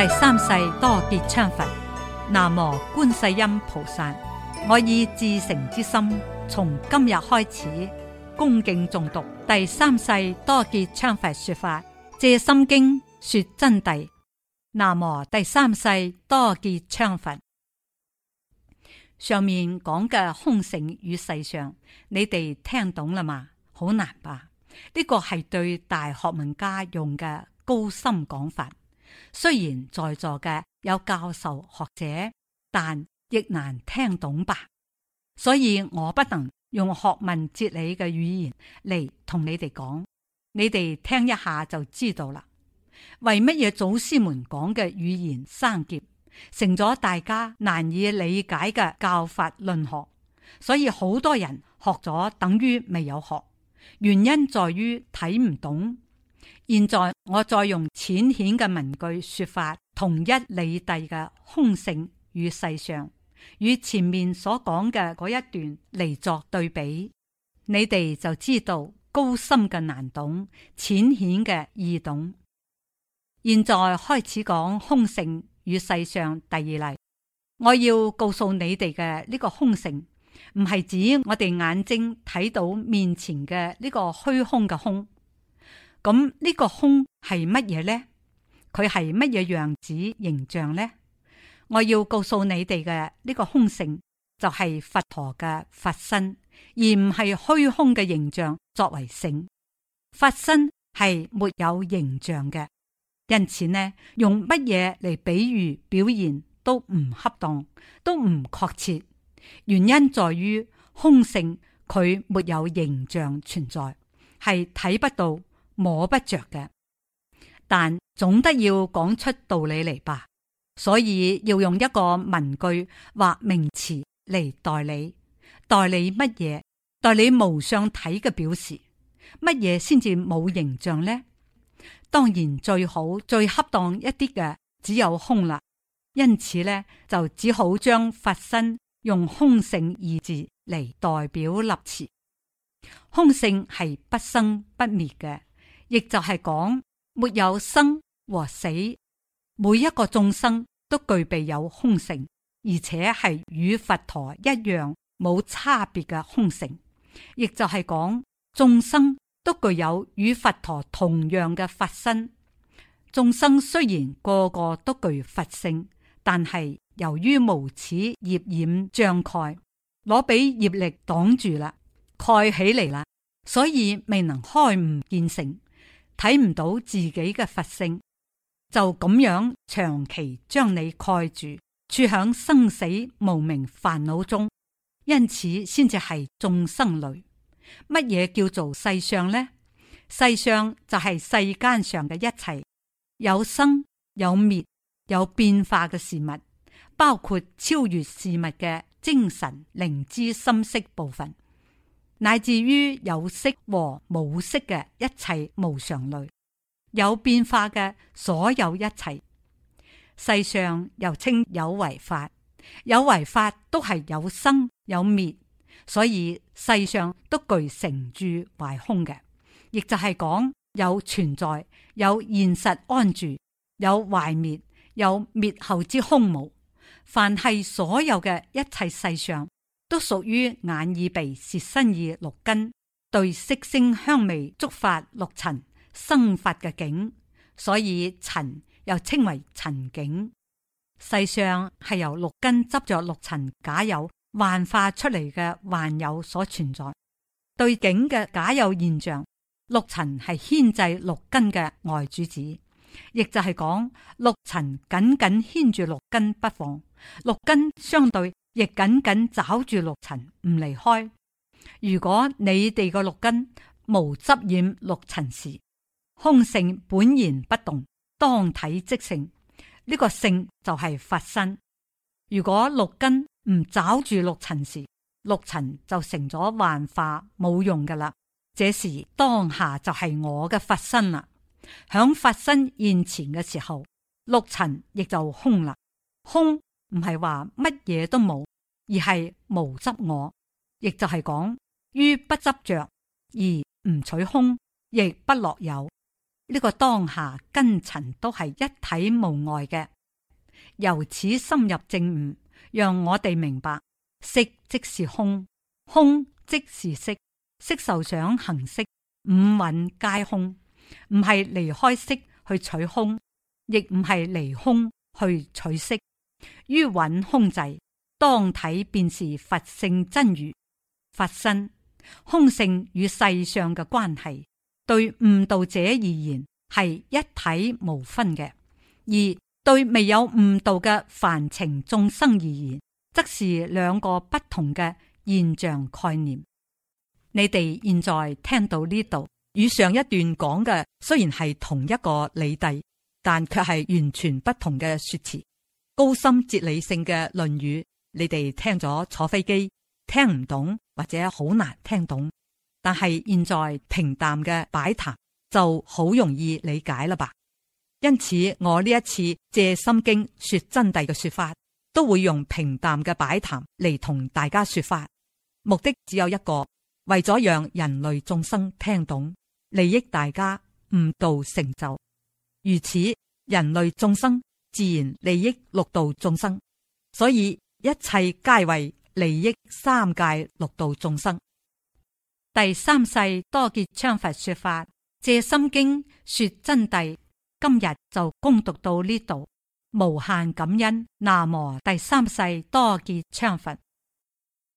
第三世多杰羌佛，南無觀世音菩薩。我以至誠之心，從今日開始恭敬重讀《第三世多杰羌佛》說法《藉心經》說真諦。南無第三世多杰羌佛。上面講嘅空性與世上，你哋聽懂啦嘛？好難吧？呢、這個係對大學問家用嘅高深講法。雖然在座嘅有教授學者，但亦難聽懂吧？所以我不能用學問哲理嘅語言嚟同你哋講，你哋聽一下就知道啦。為乜嘢祖師們講嘅語言生澀，成咗大家難以理解嘅教法論學？所以好多人學咗等於未有學，原因在於睇唔懂。現在我再用淺顯嘅文句說法，同一理第嘅空性與世上與前面所講嘅嗰一段嚟作對比，你哋就知道高深嘅難懂，淺顯嘅易懂。現在開始講空性與世上第二例，我要告訴你哋嘅呢個空性，唔係指我哋眼睛睇到面前嘅呢個虛空嘅空。咁呢個空係乜嘢呢？佢係乜嘢樣子形象呢？我要告訴你哋嘅呢個空性就係佛陀嘅法身，而唔係虛空嘅形象作為性。法身係沒有形象嘅，因此呢，用乜嘢嚟比喻表現都唔恰當，都唔確切。原因在於空性佢沒有形象存在，係睇不到，摸不着嘅，但總得要講出道理嚟吧，所以要用一個文句或名詞嚟代理，代理乜嘢？代理無相體嘅表示，乜嘢先至冇形象呢？當然最好、最恰當一啲嘅只有空啦，因此咧就只好將佛身用空性二字嚟代表立詞，空性係不生不滅嘅。亦就係講沒有生和死，每一個眾生都具備有空性，而且係與佛陀一樣冇差別嘅空性。亦就係講眾生都具有與佛陀同樣嘅法身。眾生雖然個個都具佛性，但係由於無始業染障蓋攞俾業力擋住啦，蓋起嚟啦，所以未能開悟見性。睇唔到自己嘅佛性，就咁樣長期將你蓋住，處響生死無明煩惱中，因此先至係眾生類。乜嘢叫做世相呢？世相就係世間上嘅一切，有生有滅有變化嘅事物，包括超越事物嘅精神靈知心識部分。乃至於有色和無色嘅一切無常類，有變化嘅所有一切，世上又稱有為法，有為法都係有生有滅，所以世上都具成住壞空嘅，亦就係講有存在，有現實安住，有壞滅，有滅後之空無，凡係所有嘅一切世上。都屬於眼耳鼻舌身意六根對色聲香味觸法六塵生發嘅境，所以塵又稱為塵境。世上係由六根執着六塵假有幻化出嚟嘅幻有所存在，對境嘅假有現象，六塵係牽制六根嘅外主子，亦就係講六塵緊緊緊牽住六根不放，六根相對。亦緊緊抓住六塵唔離開。如果你哋個六根無執染六塵時，空性本然不動，當體即性呢、這個性就係佛身。如果六根唔抓住六塵時，六塵就成咗幻化，冇用噶啦。這時當下就係我嘅佛身啦。響佛身現前嘅時候，六塵亦就空啦，空。唔係話乜嘢都冇，而係無執我，亦就係講於不執着而唔取空，亦不落有。呢個當下根塵都係一體無外嘅。由此深入正悟，讓我哋明白色即是空，空即是色，色受想行識五蘊皆空，唔係離開色去取空，亦唔係離空去取色。於穩空際，當體便是佛性真如，佛身空性與世上嘅關係，對悟道者而言係一體無分嘅；而對未有悟道嘅凡情眾生而言，則是兩個不同嘅現象概念。你哋現在聽到呢度，與上一段講嘅雖然係同一個理地，但卻係完全不同嘅說辭。高深哲理性嘅論語，你哋聽咗坐飛機聽唔懂，或者好難聽懂，但係現在平淡嘅擺談就好容易理解啦吧。因此，我呢一次借心經說真諦嘅說法，都會用平淡嘅擺談嚟同大家說法，目的只有一個，為咗讓人類眾生聽懂，利益大家悟道成就。如此，人類眾生。自然利益六道眾生，所以一切皆為利益三界六道眾生。第三世多杰羌佛說法《藉心經》說真諦，今日就恭讀到呢度，無限感恩。南無第三世多杰羌佛。